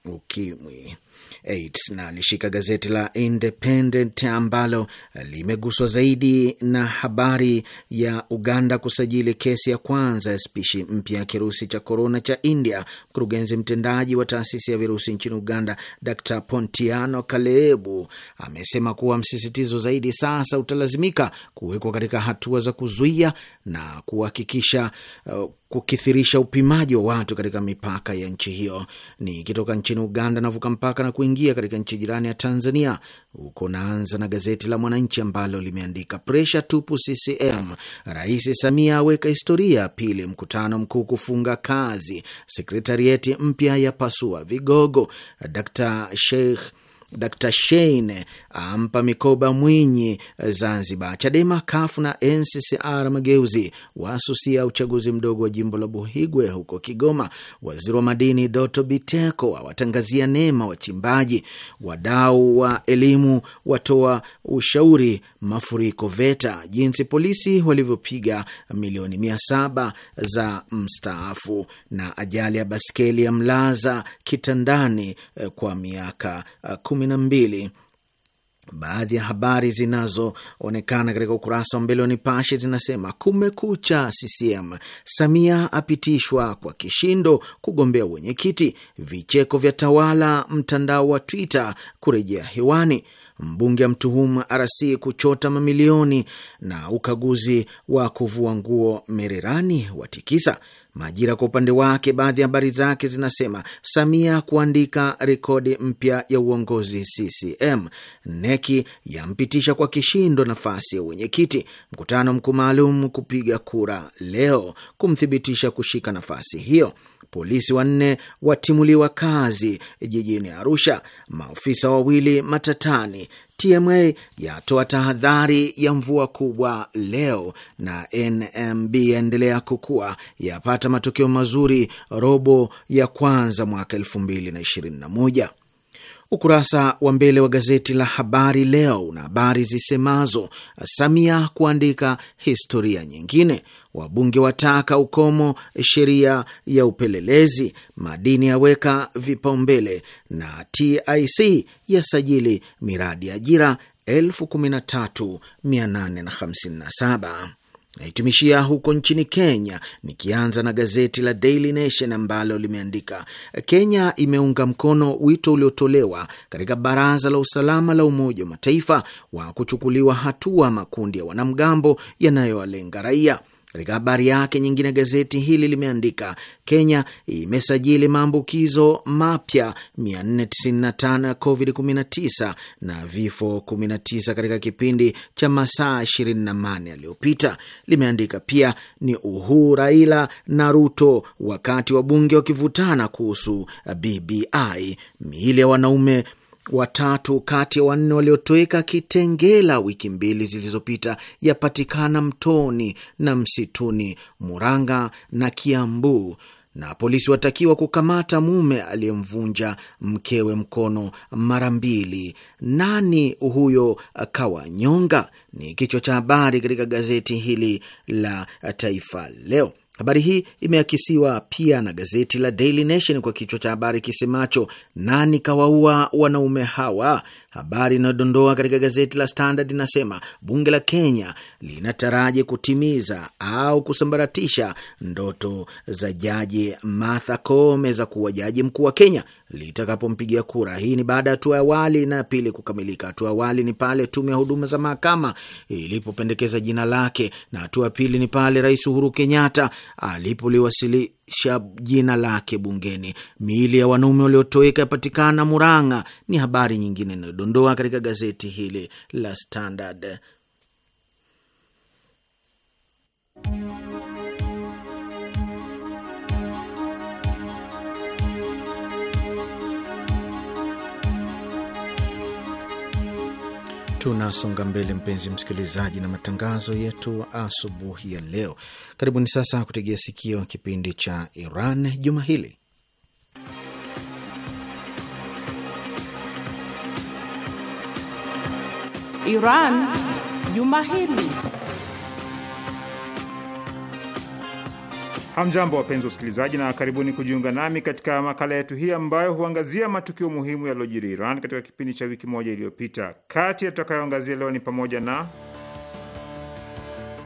S3: ukimwi. 8 na alishika gazeti la Independent ambalo limeguswa zaidi na habari ya Uganda kusajili kesi ya kwanza ya spishi mpya ya kirusi cha korona cha India. Mkurugenzi mtendaji wa taasisi ya virusi nchini Uganda, Dr Pontiano kalebu amesema kuwa msisitizo zaidi sasa utalazimika kuwekwa katika hatua za kuzuia na kuhakikisha uh, kukithirisha upimaji wa watu katika mipaka ya nchi hiyo. ni kitoka nchini Uganda navuka mpaka na kuingia katika nchi jirani ya Tanzania. Huko naanza na gazeti la Mwananchi ambalo limeandika presha tupu CCM, Rais Samia aweka historia, pili mkutano mkuu kufunga kazi, sekretarieti mpya ya pasua vigogo, Dr Sheikh Dr Shein ampa mikoba Mwinyi Zanzibar. Chadema, kafu na NCCR Mageuzi wasusia uchaguzi mdogo wa jimbo la Buhigwe huko Kigoma. Waziri wa madini Doto Biteko awatangazia neema wachimbaji. Wadau wa elimu watoa ushauri mafuriko VETA. Jinsi polisi walivyopiga milioni mia saba za mstaafu. Na ajali ya baskeli ya mlaza kitandani eh, kwa miaka eh, kumi mbili. Baadhi ya habari zinazoonekana katika ukurasa wa mbele wa Nipashe zinasema kumekucha CCM, Samia apitishwa kwa kishindo kugombea wenyekiti, vicheko vya tawala, mtandao wa Twitter kurejea hewani, mbunge amtuhumu RC kuchota mamilioni, na ukaguzi wa kuvua nguo Mererani watikisa Majira kwa upande wake, baadhi ya habari zake zinasema: Samia kuandika rekodi mpya ya uongozi CCM, neki yampitisha kwa kishindo nafasi ya uwenyekiti, mkutano mkuu maalum kupiga kura leo kumthibitisha kushika nafasi hiyo, polisi wanne watimuliwa kazi jijini Arusha, maofisa wawili matatani, TMA yatoa tahadhari ya mvua kubwa leo, na NMB yaendelea kukua, yapata matokeo mazuri robo ya kwanza mwaka elfu mbili na ishirini na moja. Ukurasa wa mbele wa gazeti la Habari Leo una habari zisemazo: Samia kuandika historia nyingine, wabunge wataka ukomo sheria ya upelelezi, madini yaweka vipaumbele, na TIC yasajili miradi ajira 13857. Naitumishia huko nchini Kenya, nikianza na gazeti la Daily Nation ambalo limeandika Kenya imeunga mkono wito uliotolewa katika Baraza la Usalama la Umoja wa Mataifa wa kuchukuliwa hatua makundi ya wanamgambo yanayowalenga raia. Katika habari yake nyingine, gazeti hili limeandika Kenya imesajili maambukizo mapya 495 ya COVID-19 na vifo 19 katika kipindi cha masaa 24 yaliyopita. Limeandika pia ni Uhuru, Raila na Ruto wakati wa bunge wakivutana kuhusu BBI, miili ya wanaume watatu kati ya wanne waliotoweka Kitengela wiki mbili zilizopita yapatikana mtoni na msituni Muranga na Kiambu, na polisi watakiwa kukamata mume aliyemvunja mkewe mkono mara mbili. Nani huyo Kawanyonga? Ni kichwa cha habari katika gazeti hili la Taifa Leo. Habari hii imeakisiwa pia na gazeti la Daily Nation kwa kichwa cha habari kisemacho nani kawaua wanaume hawa Habari inayodondoa katika gazeti la Standard inasema bunge la Kenya linataraji kutimiza au kusambaratisha ndoto za jaji Martha Koome za kuwa jaji mkuu wa Kenya litakapompigia kura. Hii ni baada ya hatua ya awali na ya pili kukamilika. Hatua ya awali ni pale tume ya huduma za mahakama ilipopendekeza jina lake, na hatua ya pili ni pale Rais Uhuru Kenyatta alipoliwasili sha jina lake bungeni. Miili ya wanaume waliotoweka yapatikana Murang'a, ni habari nyingine inayodondoa katika gazeti hili la Standard. Tunasonga mbele mpenzi msikilizaji, na matangazo yetu asubuhi ya leo. Karibuni sasa kutegea sikio kipindi cha Iran juma hili,
S6: Iran juma hili.
S7: Hamjambo, wapenzi wasikilizaji, na karibuni kujiunga nami katika makala yetu hii ambayo huangazia matukio muhimu yaliyojiri Iran katika kipindi cha wiki moja iliyopita. Kati ya tutakayoangazia leo ni pamoja na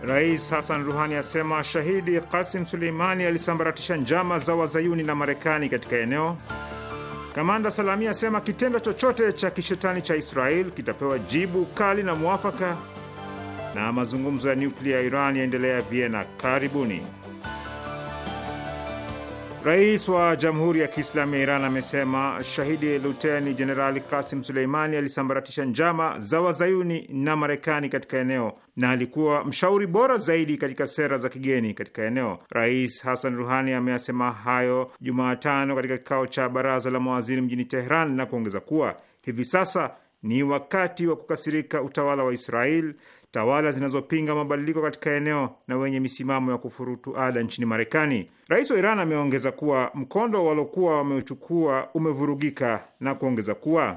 S7: Rais Hasan Ruhani asema shahidi Kasim Suleimani alisambaratisha njama za wazayuni na Marekani katika eneo. Kamanda Salami asema kitendo chochote cha kishetani cha Israel kitapewa jibu kali na mwafaka, na mazungumzo ya nyuklia ya Iran yaendelea Vienna. Karibuni. Rais wa Jamhuri ya Kiislamu ya Iran amesema shahidi luteni jenerali Kasim Suleimani alisambaratisha njama za wazayuni na Marekani katika eneo na alikuwa mshauri bora zaidi katika sera za kigeni katika eneo. Rais Hassan Ruhani ameyasema hayo Jumatano katika kikao cha baraza la mawaziri mjini Tehran na kuongeza kuwa hivi sasa ni wakati wa kukasirika utawala wa Israel tawala zinazopinga mabadiliko katika eneo na wenye misimamo ya kufurutu ada nchini Marekani. Rais wa Iran ameongeza kuwa mkondo waliokuwa wameuchukua umevurugika na kuongeza kuwa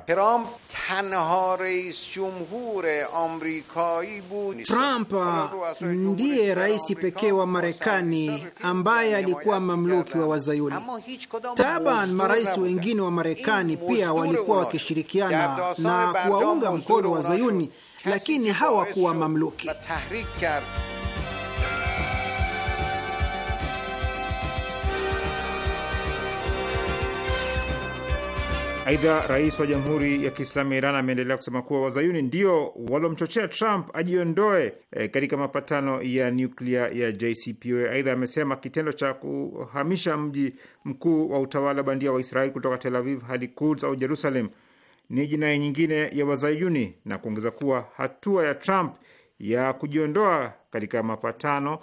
S6: Trump uh, ndiye rais pekee wa Marekani ambaye alikuwa mamluki wa Wazayuni. Taban, marais wengine wa Marekani pia walikuwa wakishirikiana na kuwaunga mkono Wazayuni lakini hawakuwa mamluki.
S7: Aidha, rais wa Jamhuri ya Kiislamu ya Iran ameendelea kusema kuwa wazayuni ndio waliomchochea Trump ajiondoe e, katika mapatano ya nyuklia ya JCPOA. Aidha, amesema kitendo cha kuhamisha mji mkuu wa utawala bandia wa israel kutoka Tel Aviv hadi Kuds au Jerusalem ni jinai nyingine ya Wazayuni na kuongeza kuwa hatua ya Trump ya kujiondoa katika mapatano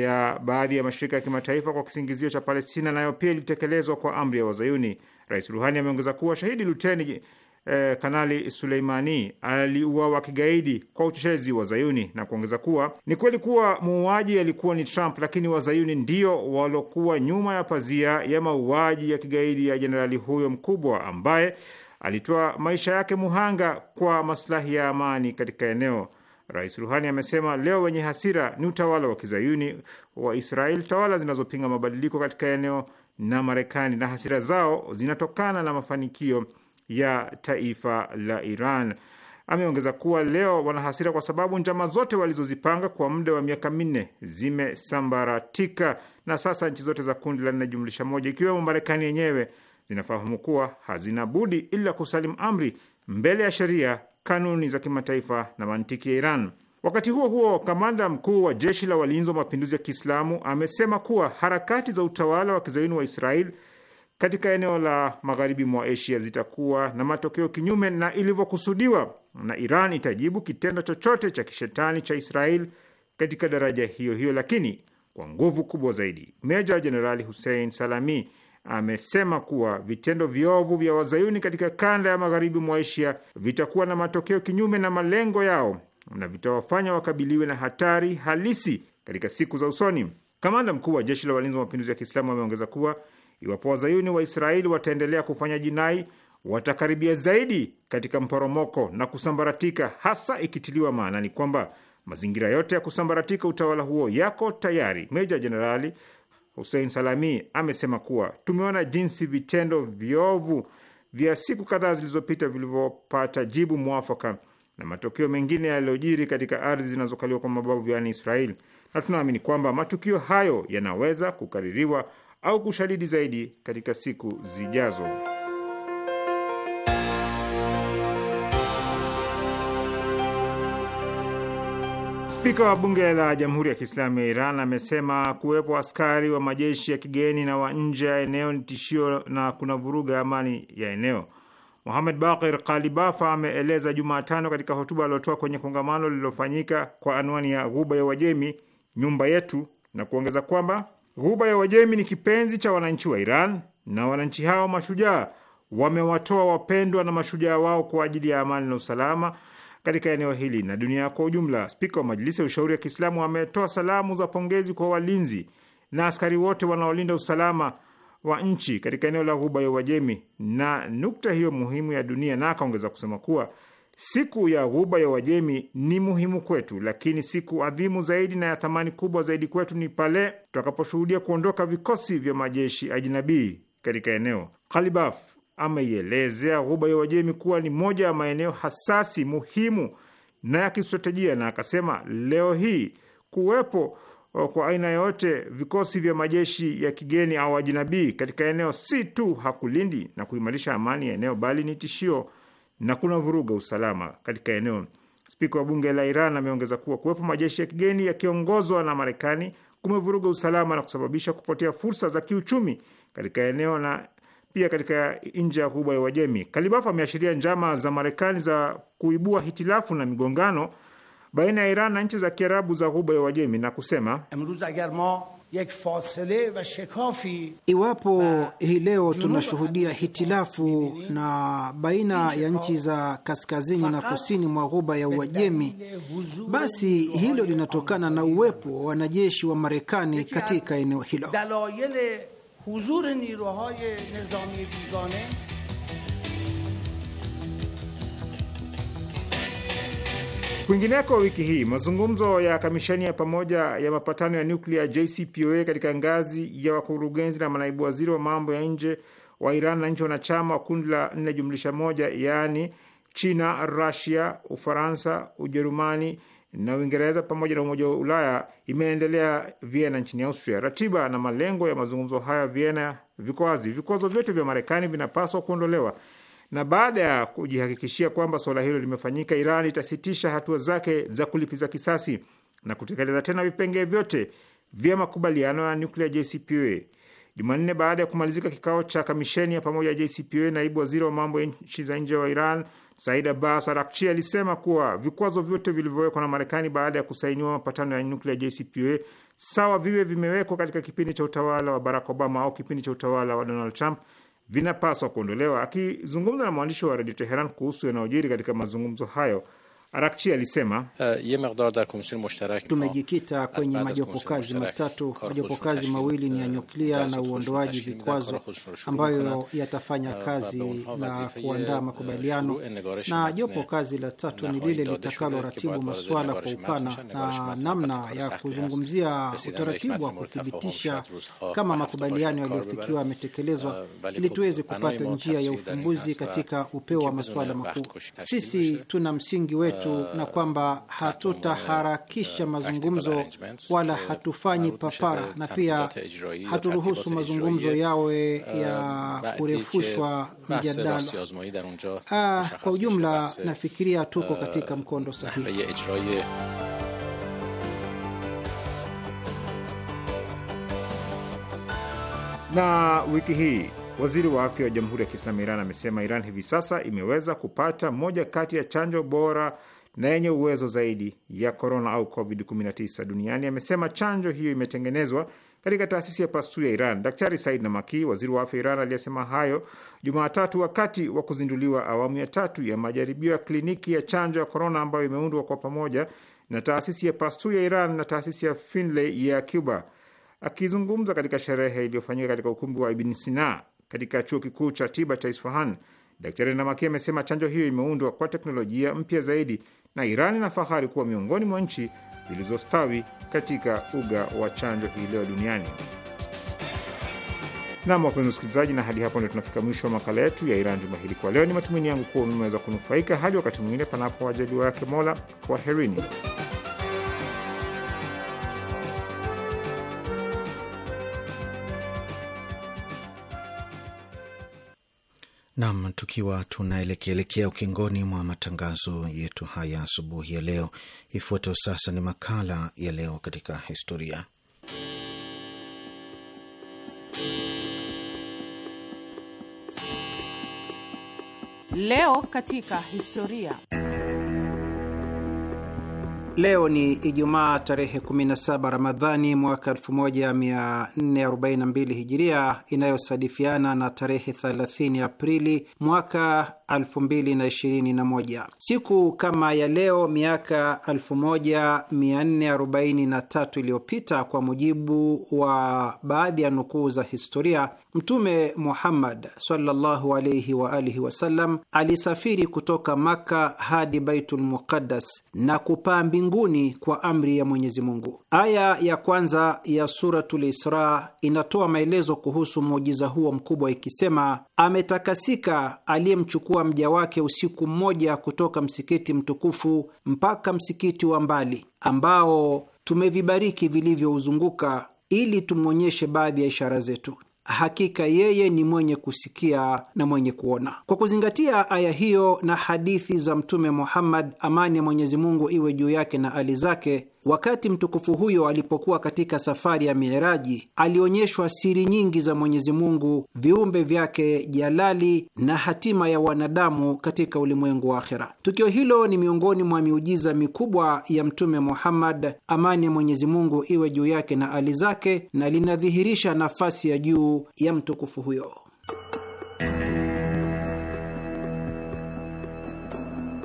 S7: ya baadhi ya mashirika ya kimataifa kwa kisingizio cha Palestina nayo pia ilitekelezwa kwa amri ya Wazayuni. Rais Ruhani ameongeza kuwa shahidi luteni eh, Kanali Suleimani aliuawa kigaidi kwa uchochezi wa Zayuni na kuongeza kuwa ni kweli kuwa muuaji alikuwa ni Trump, lakini Wazayuni ndio waliokuwa nyuma ya pazia ya mauaji ya kigaidi ya jenerali huyo mkubwa ambaye alitoa maisha yake muhanga kwa maslahi ya amani katika eneo. Rais Ruhani amesema leo wenye hasira ni utawala wa kizayuni wa Israel, tawala zinazopinga mabadiliko katika eneo na Marekani, na hasira zao zinatokana na mafanikio ya taifa la Iran. Ameongeza kuwa leo wana hasira kwa sababu njama zote walizozipanga kwa muda wa miaka minne zimesambaratika na sasa nchi zote za kundi la nne jumlisha moja ikiwemo Marekani yenyewe zinafahamu kuwa hazina budi ila kusalimu amri mbele ya sheria, kanuni za kimataifa na mantiki ya Iran. Wakati huo huo, kamanda mkuu wa jeshi la walinzi wa mapinduzi ya Kiislamu amesema kuwa harakati za utawala wa kizayuni wa Israel katika eneo la magharibi mwa Asia zitakuwa na matokeo kinyume na ilivyokusudiwa, na Iran itajibu kitendo chochote cha kishetani cha Israel katika daraja hiyo hiyo, lakini kwa nguvu kubwa zaidi. Meja Jenerali Hussein Salami amesema kuwa vitendo viovu vya wazayuni katika kanda ya magharibi mwa Asia vitakuwa na matokeo kinyume na malengo yao na vitawafanya wakabiliwe na hatari halisi katika siku za usoni. Kamanda mkuu wa jeshi la walinzi wa mapinduzi ya Kiislamu ameongeza kuwa iwapo wazayuni wa Israeli wataendelea kufanya jinai, watakaribia zaidi katika mporomoko na kusambaratika, hasa ikitiliwa maanani kwamba mazingira yote ya kusambaratika utawala huo yako tayari. Meja Jenerali Hussein Salami amesema kuwa tumeona jinsi vitendo viovu vya siku kadhaa zilizopita vilivyopata jibu mwafaka na matukio mengine yaliyojiri katika ardhi zinazokaliwa kwa mabavu yaani israel na tunaamini kwamba matukio hayo yanaweza kukaririwa au kushadidi zaidi katika siku zijazo. Spika wa bunge la Jamhuri ya Kiislamu ya Iran amesema kuwepo askari wa majeshi ya kigeni na wa nje ya eneo ni tishio na kuna vuruga amani ya eneo. muhamed Bakir Kalibafa ameeleza Jumatano katika hotuba aliotoa kwenye kongamano lililofanyika kwa anwani ya Ghuba ya Uajemi, nyumba yetu, na kuongeza kwamba Ghuba ya Uajemi ni kipenzi cha wananchi wa Iran na wananchi hao mashujaa wamewatoa wapendwa na mashujaa wao kwa ajili ya amani na usalama katika eneo hili na dunia kwa ujumla. Spika wa Majilisi ya Ushauri ya Kiislamu ametoa salamu za pongezi kwa walinzi na askari wote wanaolinda usalama wa nchi katika eneo la Ghuba ya Uajemi na nukta hiyo muhimu ya dunia, na akaongeza kusema kuwa siku ya Ghuba ya Uajemi ni muhimu kwetu, lakini siku adhimu zaidi na ya thamani kubwa zaidi kwetu ni pale tutakaposhuhudia kuondoka vikosi vya majeshi ajinabii katika eneo. Kalibaf ameielezea Ghuba ya Uajemi kuwa ni moja ya maeneo hasasi muhimu na ya kistratejia, na akasema leo hii kuwepo kwa aina yote vikosi vya majeshi ya kigeni au ajinabii katika eneo si tu hakulindi na kuimarisha amani ya eneo, bali ni tishio na kuna vuruga usalama katika eneo. Spika wa bunge la Iran ameongeza kuwa kuwepo majeshi ya kigeni yakiongozwa na Marekani kumevuruga usalama na kusababisha kupotea fursa za kiuchumi katika eneo na pia katika nje ya ghuba ya Uajemi. Kalibaf ameashiria njama za Marekani za kuibua hitilafu na migongano baina ya Iran na nchi za Kiarabu za ghuba ya Uajemi na kusema
S6: Iwapo hii leo tunashuhudia hitilafu na baina ya nchi za kaskazini na kusini mwa ghuba ya Uajemi, basi hilo linatokana na uwepo wa wanajeshi wa Marekani katika eneo hilo.
S5: حضور نیروهای نظامی بیگانه
S7: Kwingineko, wiki hii mazungumzo ya kamisheni ya pamoja ya mapatano ya nuklia JCPOA katika ngazi ya wakurugenzi na manaibu waziri wa mambo ya nje wa Iran na nchi wanachama wa kundi la nne jumlisha moja, yaani China, Rusia, Ufaransa, Ujerumani, na Uingereza pamoja na Umoja wa Ulaya imeendelea Vienna nchini Austria. Ratiba na malengo ya mazungumzo haya Vienna viko wazi. Vikwazo vyote vya Marekani vinapaswa kuondolewa, na baada ya kujihakikishia kwamba suala hilo limefanyika, Iran itasitisha hatua zake za kulipiza kisasi na kutekeleza tena vipengee vyote vya makubaliano ya nyuklia JCPOA. Jumanne, baada ya kumalizika kikao cha kamisheni ya pamoja ya JCPOA, naibu waziri wa mambo ya nchi za nje wa Iran Said Abbas Arakchi alisema kuwa vikwazo vyote vilivyowekwa na Marekani baada ya kusainiwa mapatano ya nyuklia JCPOA sawa viwe vimewekwa katika kipindi cha utawala wa Barack Obama au kipindi cha utawala wa Donald Trump vinapaswa kuondolewa. Akizungumza na mwandishi wa redio Teheran kuhusu yanayojiri katika mazungumzo hayo, Arakchi alisema uh, tumejikita
S6: kwenye majopo kazi matatu. Majopo kazi mawili ni ya uh, nyuklia na uondoaji vikwazo, uh, ambayo yatafanya kazi na kuandaa makubaliano, na jopo kazi la tatu ni lile litakalo ratibu masuala kwa upana na namna ya kuzungumzia utaratibu wa kuthibitisha kama makubaliano yaliyofikiwa yametekelezwa, ili tuweze kupata njia ya ufumbuzi katika upeo wa masuala makuu. Sisi tuna msingi wetu yetu na kwamba hatutaharakisha mazungumzo wala hatufanyi papara, na pia haturuhusu mazungumzo yawe ya kurefushwa mjadala.
S3: Ah, kwa
S5: ujumla, nafikiria tuko katika mkondo sahihi.
S7: Na wiki hii waziri wa afya wa Jamhuri ya Kiislamu Iran amesema Iran hivi sasa imeweza kupata moja kati ya chanjo bora na yenye uwezo zaidi ya korona au covid-19 duniani amesema chanjo hiyo imetengenezwa katika taasisi ya Pastu ya Iran. Daktari Said Namaki, waziri wa afya Iran, aliyesema hayo Jumatatu wakati wa kuzinduliwa awamu ya tatu ya majaribio ya kliniki ya chanjo ya korona ambayo imeundwa kwa pamoja na taasisi ya Pastu ya Iran na taasisi ya Finlay ya Cuba. Akizungumza katika sherehe iliyofanyika katika ukumbi wa Ibn Sina katika chuo kikuu cha tiba cha Isfahan, Daktari Namaki amesema chanjo hiyo imeundwa kwa teknolojia mpya zaidi na Iran ina fahari kuwa miongoni mwa nchi zilizostawi katika uga wa chanjo hii leo duniani. Nam, wapenzi wasikilizaji, na hadi hapo ndio tunafika mwisho wa makala yetu ya Iran juma hili. Kwa leo, ni matumaini yangu kuwa umeweza kunufaika. Hadi wakati mwingine, panapo wajaliwa yake Mola, kwaherini.
S3: Nam, tukiwa tunaelekeelekea ukingoni mwa matangazo yetu haya asubuhi ya leo, ifuatayo sasa ni makala ya leo katika historia.
S4: Leo katika historia
S6: Leo ni Ijumaa tarehe 17 Ramadhani mwaka 1442 Hijiria, inayosadifiana na tarehe 30 Aprili mwaka 2021. Siku kama ya leo miaka 1443 iliyopita, kwa mujibu wa baadhi ya nukuu za historia, Mtume Muhammad sallallahu alayhi wa alihi wasallam alisafiri kutoka Makka hadi Baitul Muqaddas na kupaa mbinguni kwa amri ya Mwenyezi Mungu. Aya ya kwanza ya Suratul Isra inatoa maelezo kuhusu muujiza huo mkubwa ikisema, ametakasika aliyemchukua mja wake usiku mmoja kutoka msikiti mtukufu mpaka msikiti wa mbali ambao tumevibariki vilivyouzunguka ili tumwonyeshe baadhi ya ishara zetu. Hakika yeye ni mwenye kusikia na mwenye kuona. Kwa kuzingatia aya hiyo na hadithi za Mtume Muhammad, amani ya Mwenyezi Mungu iwe juu yake na ali zake Wakati mtukufu huyo alipokuwa katika safari ya Mieraji, alionyeshwa siri nyingi za Mwenyezi Mungu, viumbe vyake jalali na hatima ya wanadamu katika ulimwengu wa akhera. Tukio hilo ni miongoni mwa miujiza mikubwa ya Mtume Muhammad, amani ya Mwenyezi Mungu iwe juu yake na ali zake, na linadhihirisha nafasi ya juu ya mtukufu huyo.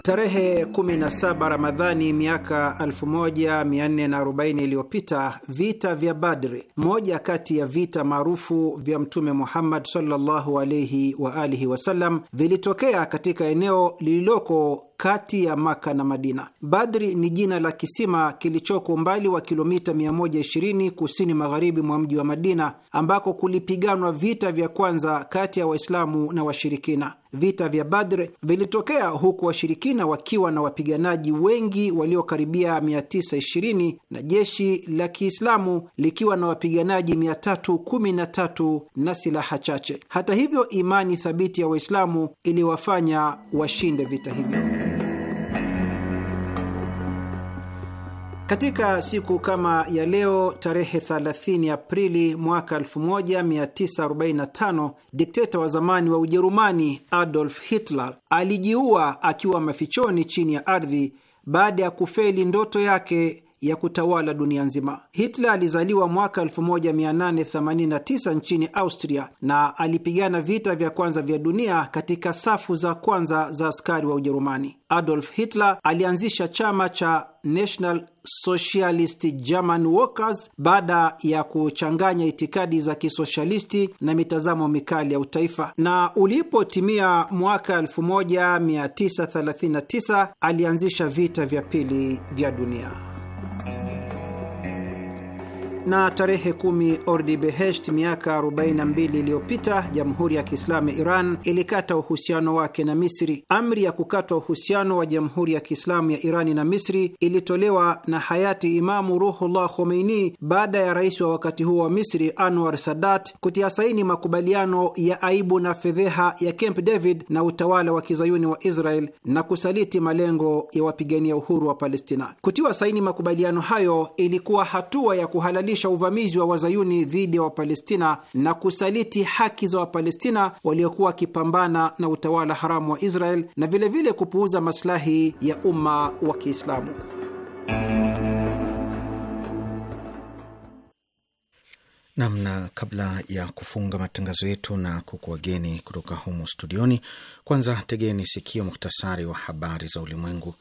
S6: Tarehe 17 Ramadhani miaka 1440 iliyopita, vita vya Badri, moja kati ya vita maarufu vya Mtume Muhammad sallallahu alaihi wa alihi wasallam, vilitokea katika eneo lililoko kati ya Maka na Madina. Badri ni jina la kisima kilichoko umbali wa kilomita 120 kusini magharibi mwa mji wa Madina, ambako kulipiganwa vita vya kwanza kati ya Waislamu na washirikina. Vita vya Badr vilitokea huku washirikina wakiwa na wapiganaji wengi waliokaribia 920 na jeshi la Kiislamu likiwa na wapiganaji 313 na silaha chache. Hata hivyo, imani thabiti ya Waislamu iliwafanya washinde vita hivyo. Katika siku kama ya leo tarehe 30 Aprili mwaka 1945 dikteta wa zamani wa Ujerumani Adolf Hitler alijiua akiwa mafichoni chini ya ardhi baada ya kufeli ndoto yake ya kutawala dunia nzima. Hitler alizaliwa mwaka 1889 nchini Austria na alipigana vita vya kwanza vya dunia katika safu za kwanza za askari wa Ujerumani. Adolf Hitler alianzisha chama cha National Socialist German Workers baada ya kuchanganya itikadi za kisoshalisti na mitazamo mikali ya utaifa. Na ulipotimia mwaka 1939 alianzisha vita vya pili vya dunia na tarehe kumi Behesht miaka 42 iliyopita, Jamhuri ya Kiislamu ya Iran ilikata uhusiano wake na Misri. Amri ya kukatwa uhusiano wa Jamhuri ya Kiislamu ya Irani na Misri ilitolewa na hayati Imamu Ruhullah Khomeini baada ya rais wa wakati huo wa Misri Anwar Sadat kutia saini makubaliano ya aibu na fedheha ya Camp David na utawala wa kizayuni wa Israel na kusaliti malengo ya wapigania uhuru wa Palestina. Kutiwa saini makubaliano hayo ilikuwa hatua ya kuhalali kuzalisha uvamizi wa wazayuni dhidi ya Wapalestina na kusaliti haki za Wapalestina waliokuwa wakipambana na utawala haramu wa Israel na vilevile vile kupuuza masilahi ya umma wa Kiislamu.
S3: Namna kabla ya kufunga matangazo yetu na kukuwageni kutoka humo studioni, kwanza tegeni sikio muhtasari wa habari za ulimwengu.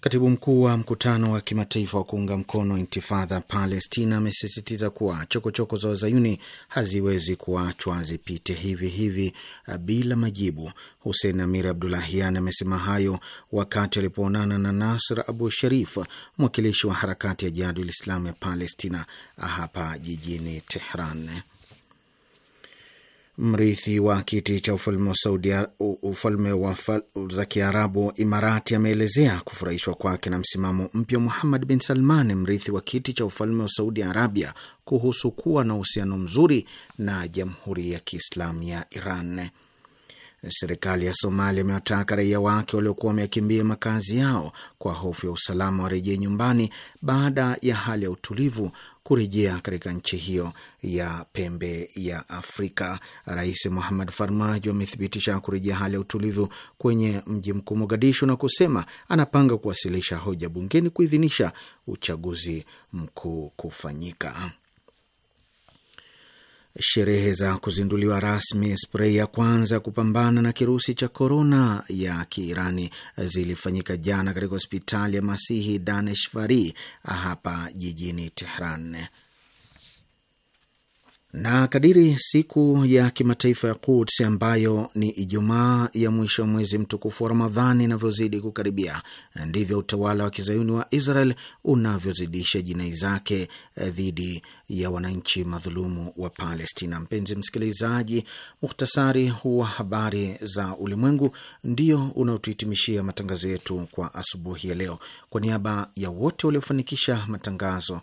S3: Katibu mkuu wa mkutano wa kimataifa wa kuunga mkono intifadha Palestina amesisitiza kuwa chokochoko za wazayuni haziwezi kuachwa zipite hivi hivi eh, bila majibu. husen Amir Abdulahian amesema hayo wakati alipoonana na Nasr Abu Sharif, mwakilishi wa harakati ya Jihadul Islam ya Palestina ah, hapa jijini Tehran. Mrithi wa kiti cha ufalme wa Saudi, ufalme wa za Kiarabu Imarati, ameelezea kufurahishwa kwake na msimamo mpya Muhammad bin Salman, mrithi wa kiti cha ufalme wa Saudi Arabia, kuhusu kuwa na uhusiano mzuri na Jamhuri ya Kiislamu ya Iran. Serikali ya Somalia imewataka raia wake waliokuwa wamekimbia makazi yao kwa hofu ya usalama warejee nyumbani baada ya hali ya utulivu kurejea katika nchi hiyo ya pembe ya Afrika. Rais muhamad Farmajo amethibitisha kurejea hali ya utulivu kwenye mji mkuu Mogadishu na kusema anapanga kuwasilisha hoja bungeni kuidhinisha uchaguzi mkuu kufanyika sherehe za kuzinduliwa rasmi sprei ya kwanza kupambana na kirusi cha korona ya Kiirani zilifanyika jana katika hospitali ya Masihi Daneshvari hapa jijini Tehran. Na kadiri siku ya kimataifa ya Quds ambayo ni Ijumaa ya mwisho wa mwezi mtukufu wa Ramadhani inavyozidi kukaribia, ndivyo utawala wa kizayuni wa Israel unavyozidisha jinai zake eh, dhidi ya wananchi madhulumu wa Palestina. Mpenzi msikilizaji, muhtasari huu wa habari za ulimwengu ndio unaotuhitimishia matangazo yetu kwa asubuhi ya leo. Kwa niaba ya wote waliofanikisha matangazo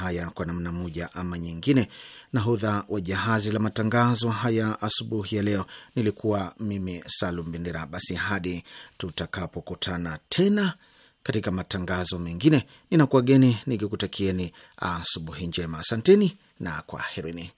S3: haya kwa namna moja ama nyingine, nahodha wa jahazi la matangazo haya asubuhi ya leo nilikuwa mimi Salum Bendera. Basi hadi tutakapokutana tena katika matangazo mengine. Ninakuwageni nikikutakieni asubuhi njema. Asanteni na kwaherini.